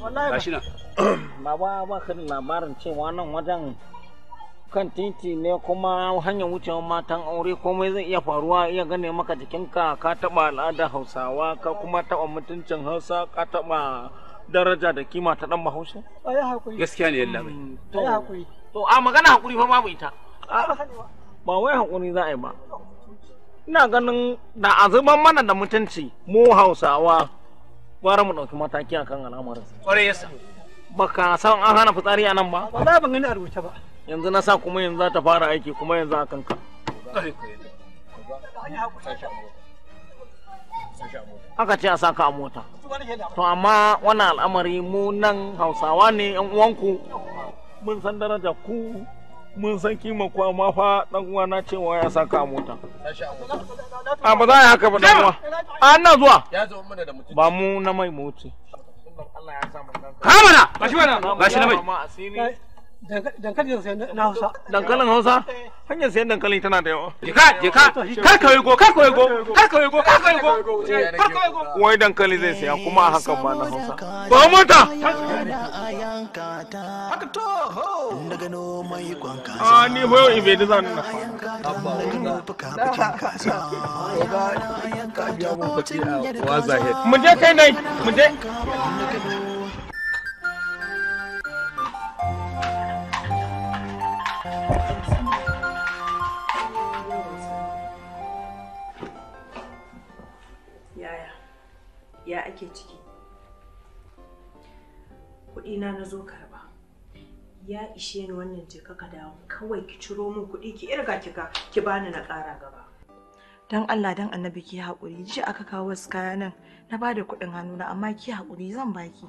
wallahi ba ba ba kan labarin cewa nan wajen kan titi ne kuma hanyar wucewa matan aure komai zai iya faruwa iya gane maka jikinka ka taba al'ada hausawa ka kuma taba mutuncin hausa ka taba daraja da kima ta dan bahaushe gaskiya ne yalla bai mm, to a magana hakuri fa babu ita ba wai hakuri za a yi ba ina ganin da a mana da mutunci mu hausawa fara mu ɗauki mataki akan al'amarin ya sa. baka san an hana fitsari a nan ba ba za ban gani a rubuce ba yanzu na sa kuma yanzu za ta fara aiki kuma yanzu a ka. aka ce a saka a mota to amma wannan al'amari mu nan hausawa ne yan uwanku mun san daraja ku mun san kima ku amma fa uwa uwana cewa ya saka a mota a ba za a yi haka ba dan a na zuwa ba mu na mai motsi ba shi mana gashi na mai dankalin na hausa dankalin hausa hanyar sayan dankalin tana da yawa jika jika kar go kar go kar go kar go kar ka wai dankali zai saya kuma a hakan ba na hausa ba mota haka to ho daga no mai kwanka a ah, ni ho in bai da zan na abba ka ka mu a je kai nai je ake ciki kuɗina na zo karba ya ishe ni wannan je ka dawo kawai ki ciro min kuɗi ki irga ki ki bani na ƙara gaba dan Allah dan annabi ki hakuri, ji aka kawo wasu kaya nan na bada kuɗin na amma ki haƙuri zan baki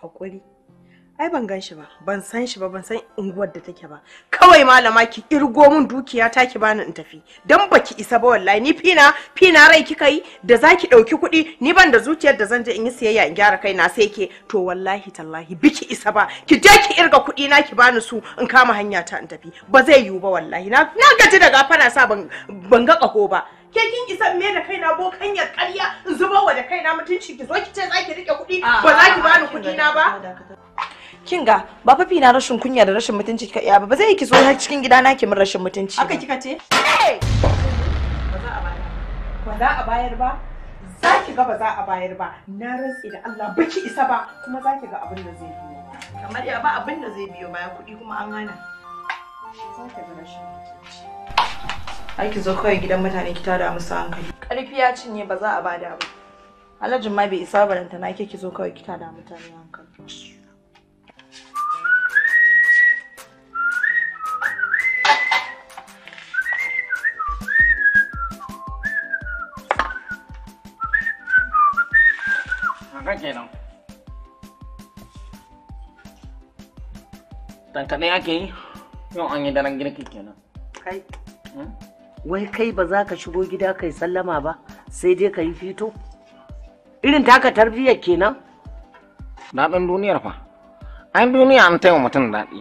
hakuri. Ai ban gan shi ba, ban san shi ba, ban san unguwar da take ba. Kawai malama ki irgo min dukiya ta ki bani in tafi. Dan baki isa ba wallahi ni fina fina rai kika yi da zaki dauki kuɗi ni ban da zuciyar da zan je in yi siyayya in gyara kaina sai ke to wallahi tallahi biki isa ba ki je ki irga kuɗi na ki bani su in kama hanya ta in tafi. Ba zai yiwu ba wallahi na na gaji da gafana sa ban ban ga ba. Ke kin isa me da kaina bo kanyar ƙarya in zuba wa da kaina mutunci ki zo ki ce zaki rike kuɗi ba za ki bani kuɗi na ba. kin ga ba fa na rashin kunya da rashin mutunci kika iya ba ba zai ki zo har cikin gida na ki min rashin mutunci haka kika ce ba za a bayar ba za ki ga ba za a bayar ba na rantsi da Allah ba ki isa ba kuma za ki ga abin da zai biyo kamar ya ba abin da zai biyo bayan kuɗi kuma an hana za ki ai ki zo kawai gidan mutane ki tada musu hankali ƙarfi ya cinye ba za a bada ba alhajin ma bai isa barantana na ke ki zo kawai ki tada mutane hankali kaka kenan dan kaɗai ake yi yau an yi daren girki kenan kai wai kai ba za ka shigo gida kai sallama ba sai dai ka yi fito irin taka tarbiyyar kenan daɗin duniyar fa an duniya an taiwa mutum daɗi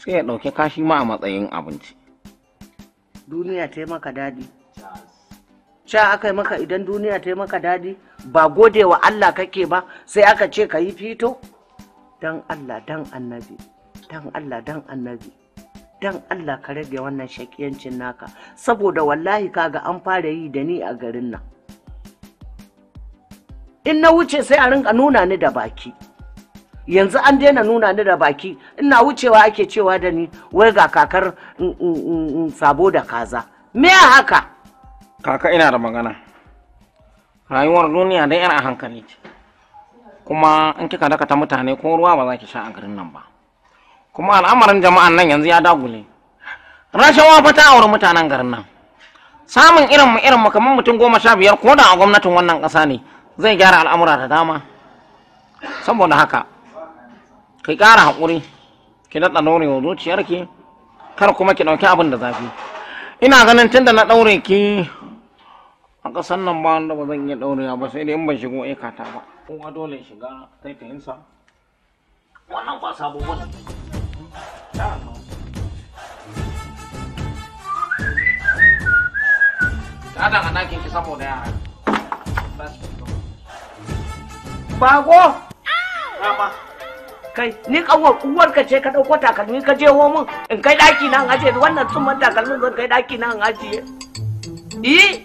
sai ya ɗauke kashi ma a matsayin abinci duniya taimaka daɗi sha aka yi maka idan duniya ta yi maka dadi ba gode wa Allah kake ba sai aka ce ka yi fito Don Allah don annabi don Allah don annabi don Allah ka rage wannan shakiyancin naka saboda wallahi kaga an fara yi da ni a garin nan in na wuce sai a rinka nuna ni da baki yanzu an daina nuna ni da baki ina wucewa ake cewa da ni wai ga kakar mm, mm, mm, sabo da kaza me haka kaka ina da magana rayuwar duniya dai yana a hankali ce kuma in kika dakata mutane ko ruwa ba za ki sha a garin nan ba kuma al'amarin jama'an nan yanzu ya dagule rashawa fa ta auri mutanen garin nan samun irin mu irin mu kamar mutum goma sha biyar ko da a gwamnatin wannan ƙasa ne zai gyara al'amura da dama saboda haka ki ƙara haƙuri ki daɗa ɗaure wa zuciyarki kar kuma ki ɗauki abin da zafi ina ganin tunda na ɗaure ki a nan ba wanda ba zan iya ɗaurewa ba sai dai in ban shigo aikata ba kuma dole shiga taitayinsa wannan ba sabo ba ne Kada a nakin ki saboda yara. Bago! Rama! Kai, ni kanwar uwarka ce ka ɗauko takalmi ka je homin in kai ɗaki nan ajiye wannan tsumman takalmin zan kai ɗaki nan ajiye. Ih!